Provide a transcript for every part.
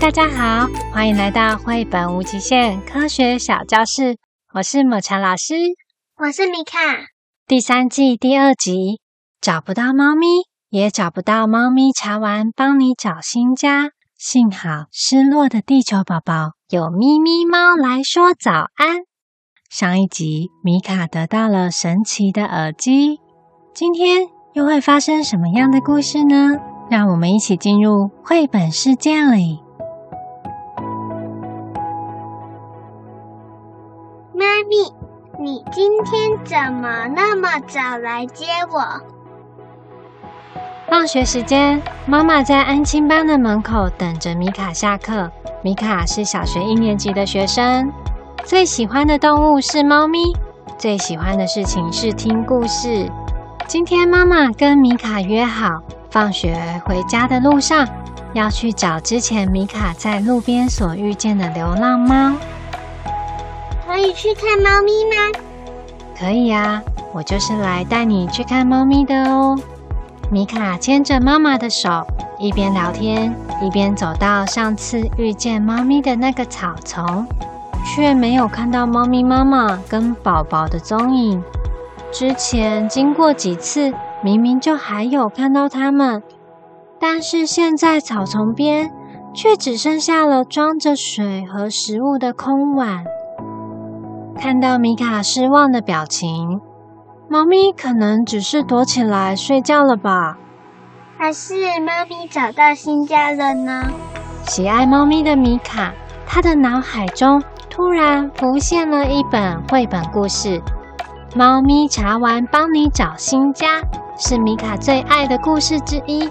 大家好，歡迎來到繪本無極限科學小教室。我是抹茶老師，我是米卡。第三季第二集，找不到貓咪，也找不到貓咪，茶丸幫你找新家。幸好失落的地球寶寶有咪咪貓來說早安。上一集米卡得到了神奇的耳機，今天又會發生什麼樣的故事呢？讓我們一起進入繪本世界裡。你今天怎麼那麼早來接我？放學時間，媽媽在安親班的門口等着米卡下課。米卡是小學一年級的學生，最喜歡的動物是貓咪，最喜歡的事情是聽故事。今天媽媽跟米卡約好，放學回家的路上要去找之前米卡在路邊所遇見的流浪貓。可以去看貓咪嗎？可以啊，我就是來帶你去看貓咪的哦。米卡牽着媽媽的手，一邊聊天一邊走到上次遇見貓咪的那個草叢，卻沒有看到貓咪媽媽跟寶寶的蹤影。之前經過幾次，明明就還有看到它們，但是現在草叢邊卻只剩下了裝着水和食物的空碗。看到米卡失望的表情，貓咪可能只是躲起來睡覺了吧？還是貓咪找到新家了呢？喜愛貓咪的米卡，他的腦海中突然浮現了一本繪本故事《貓咪茶丸幫你找新家》，是米卡最愛的故事之一。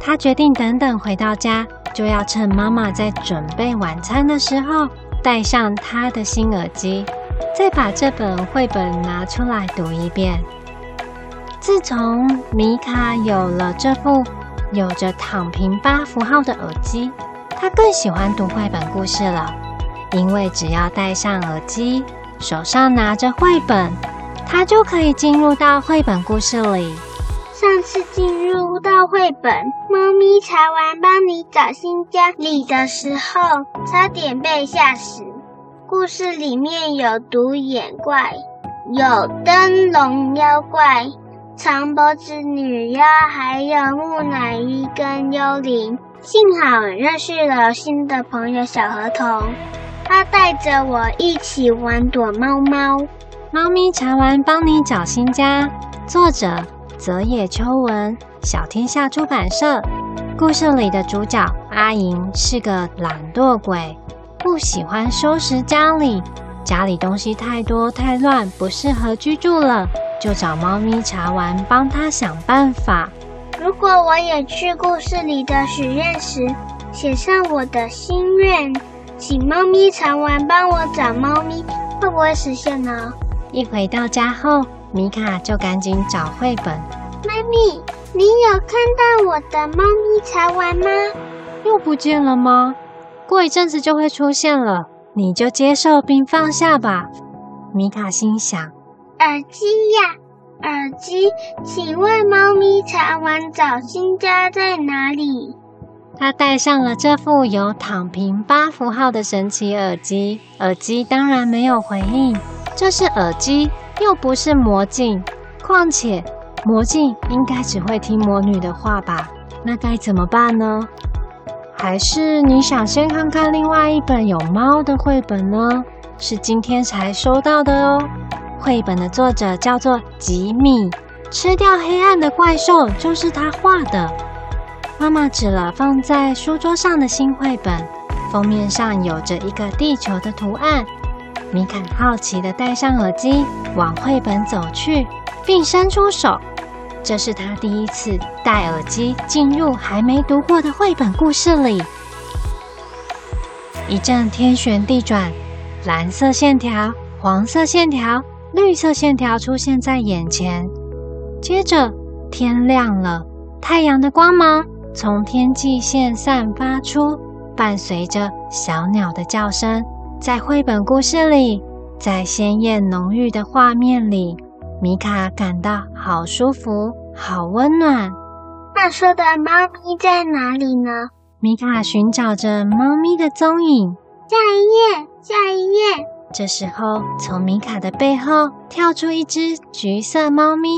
他決定等等回到家，就要趁媽媽在準備晚餐的時候，戴上他的新耳機。再把這本繪本拿出來讀一遍。自從米卡有了這副有着躺平八符號的耳機，他更喜歡讀繪本故事了。因為只要戴上耳機，手上拿着繪本，他就可以進入到繪本故事裡。上次進入到繪本《貓咪茶丸》，幫你找新家裡的時候，差點被嚇死。故事裡面有獨眼怪，有燈籠妖怪，長脖子女妖，還有木乃伊跟幽靈。幸好認識了新的朋友小河童，他帶着我一起玩躲貓貓。貓咪茶丸幫你找新家。作者：澤野秋文，小天下出版社。故事裡的主角阿銀是個懶惰鬼。不喜歡收拾家裡，家裡東西太多太亂，不適合居住了，就找貓咪茶丸幫他想辦法。如果我也去故事裡的許願池，寫上我的心願，請貓咪茶丸幫我找貓咪，會不會實現呢？哦，一回到家後，米卡就趕緊找繪本。媽咪，你有看到我的貓咪茶丸嗎？又不見了嗎？過一陣子就會出現了，你就接受並放下吧。米卡心想。耳機呀，耳機，請問貓咪茶丸找新家在哪裡？他戴上了這副有躺平八符號的神奇耳機，耳機當然沒有回應。這是耳機，又不是魔鏡。況且，魔鏡應該只會聽魔女的話吧？那該怎麼辦呢？還是你想先看看另外一本有貓的繪本呢？是今天才收到的哦。繪本的作者叫做幾米，吃掉黑暗的怪獸就是他畫的。媽媽指了放在書桌上的新繪本，封面上有着一個地球的圖案。米卡好奇的戴上耳機，往繪本走去，並伸出手。這是他第一次戴耳機進入還沒讀過的繪本故事裡。一陣天旋地轉，藍色線條、黃色線條、綠色線條出現在眼前。接着天亮了，太陽的光芒從天際線散發出，伴隨着小鳥的叫聲，在繪本故事裡，在鮮豔濃郁的畫面裡。.米卡感到好舒服，好溫暖。那說的貓咪在哪裡呢？米卡尋找着貓咪的蹤影。下一頁，下一頁。這時候，從米卡的背後跳出一隻橘色貓咪。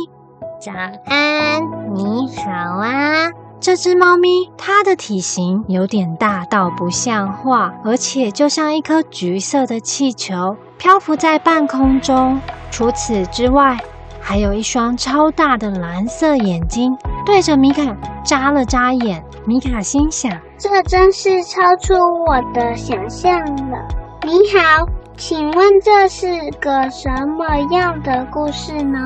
早安，你好啊！這隻貓咪，它的體型有點大到不像話，而且就像一顆橘色的氣球。漂浮在半空中。除此之外，還有一雙超大的藍色眼睛對着米卡眨了眨眼。米卡心想：這真是超出我的想象了。你好，請問這是個什麼樣的故事呢？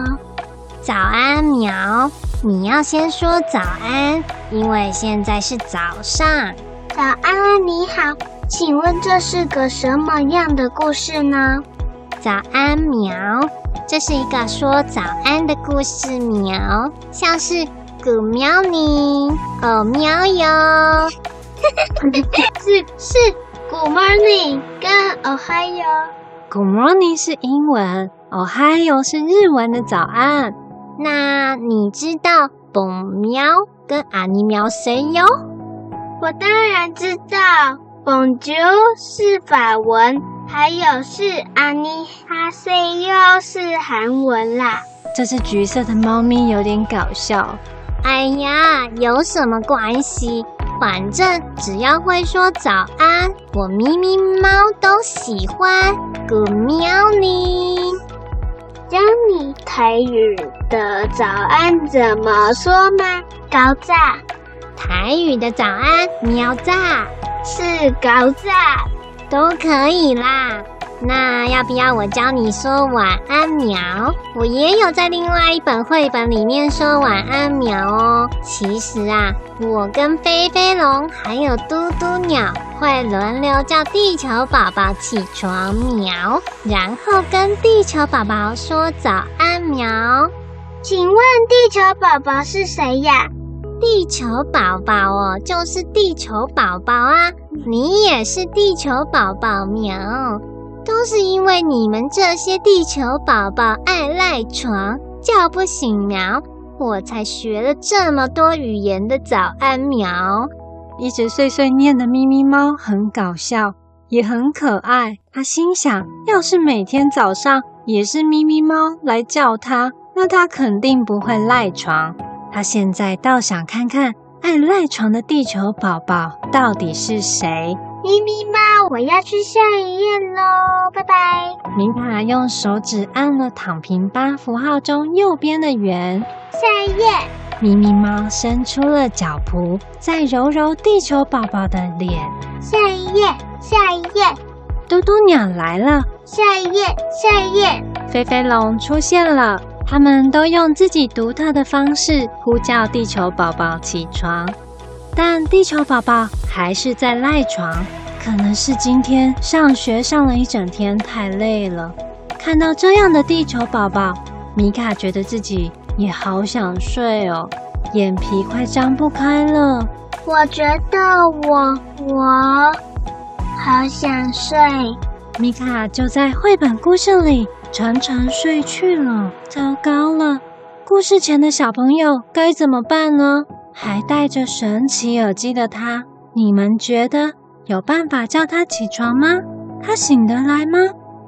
早安，喵。你要先說早安，因為現在是早上。早安，你好。請問這是個什麼樣的故事呢？早安，喵。這是一個說早安的故事，喵，像是 Good Morning，Oh，喵，喲。我、哦、 是、是 Good Morning 跟 Ohio。Good Morning 是英文，Ohio 是日文的早安。那你知道，本喵跟阿尼喵，誰喲我當然知道，Bonjour 是法文，還有是阿尼哈塞優是韓文啦。這隻橘色的貓咪有點搞笑。哎呀，有什麼關係？反正只要會說早安，我咪咪貓都喜歡。Good morning。教你台語的早安怎麼說嗎？搞早。台語的早安，喵炸、是狗炸都可以啦。那要不要我教你說晚安喵？我也有在另外一本繪本裡面說晚安喵哦。其實啊，我跟飛飛龍還有嘟嘟鳥會輪流叫地球寶寶起床喵，然後跟地球寶寶說早安喵。請問地球寶寶是誰呀？地球寶寶哦，就是地球寶寶啊！你也是地球寶寶喵，都是因為你們這些地球寶寶愛賴床，叫不醒喵，我才學了這麼多語言的早安喵。一直碎碎念的咪咪貓很搞笑，也很可愛。他心想，要是每天早上也是咪咪貓來叫他，那他肯定不會賴床。他現在倒想看看愛賴床的地球寶寶到底是誰？咪咪貓，我要去下一頁嘍，拜拜。米卡用手指按了躺平八符號中右邊的圓。下一頁。咪咪貓伸出了腳蹼，再揉揉地球寶寶的臉。下一頁，下一頁。嘟嘟鳥來了。下一頁，下一頁。飛飛龍出現了。他們都用自己獨特的方式呼叫地球寶寶起床，但地球寶寶還是在賴床。可能是今天上學上了一整天，太累了。看到這樣的地球寶寶，米卡覺得自己也好想睡哦，眼皮快張不開了。我覺得我，我好想睡。米卡就在繪本故事裡。沉沉睡去了，糟糕了！故事前的小朋友該怎麼辦呢？還戴着神奇耳機的他，你們覺得有辦法叫他起床嗎？他醒得來嗎？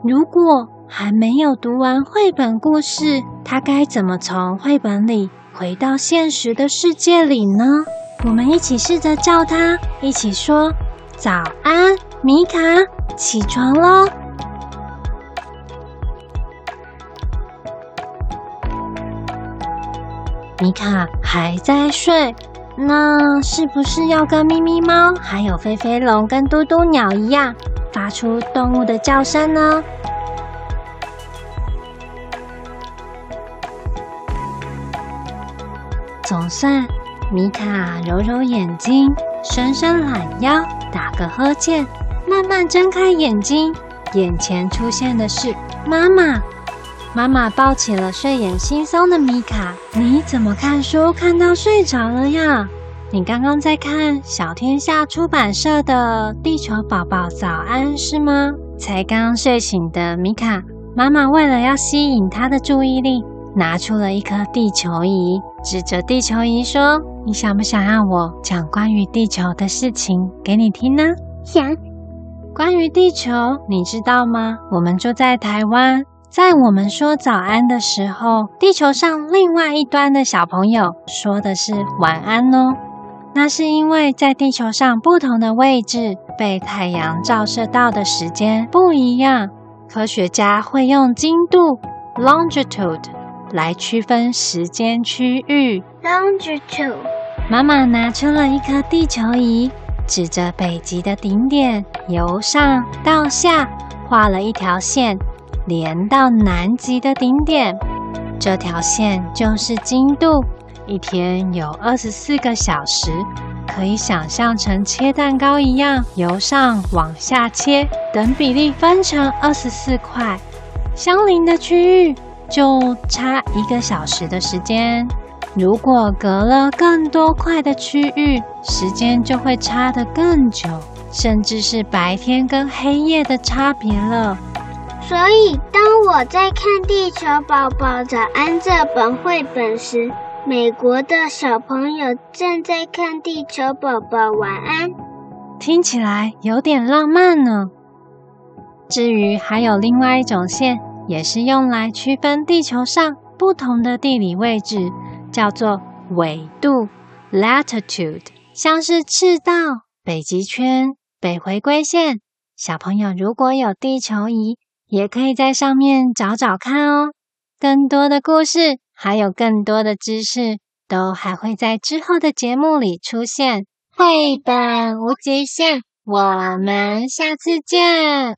如果還沒有讀完繪本故事，他該怎麼從繪本裡回到現實的世界裡呢？我們一起試着叫他，一起說：“早安，米卡，起床嘍！”米卡還在睡，那是不是要跟咪咪貓，還有飛飛龍跟嘟嘟鳥一樣，發出動物的叫聲呢？總算，米卡揉揉眼睛，伸伸懶腰，打個呵欠，慢慢睜開眼睛，眼前出現的是媽媽。媽媽抱起了睡眼惺忪的米卡，你怎麼看書看到睡着了呀？你剛剛在看小天下出版社的《地球寶寶早安》是嗎？才剛剛睡醒的米卡，媽媽為了要吸引他的注意力，拿出了一顆地球儀，指着地球儀說：“你想不想讓我講關於地球的事情給你聽呢？”想、嗯。關於地球，你知道嗎？我們住在台灣。在我們說早安的時候，地球上另外一端的小朋友說的是晚安哦。那是因為在地球上不同的位置被太陽照射到的時間不一樣。科學家會用經度 longitude 來區分時間區域。Longitude。媽媽拿出了一顆地球儀，指着北極的頂點，由上到下畫了一條線。連到南極的頂點，這條線就是經度。一天有二十四個小時，可以想象成切蛋糕一樣，由上往下切，等比例分成二十四塊。相鄰的區域就差一個小時的時間。如果隔了更多塊的區域，時間就會差得更久，甚至是白天跟黑夜的差別了。所以，當我在看《地球寶寶早安》這本繪本時，美國的小朋友正在看《地球寶寶晚安》。聽起來有點浪漫呢、哦。至於還有另外一種線，也是用來區分地球上不同的地理位置，叫做緯度 （latitude），像是赤道、北極圈、北回歸線。小朋友如果有地球儀，也可以在上面找找看哦，更多的故事，還有更多的知識，都還會在之後的節目裡出現。繪本無極限，我們下次見!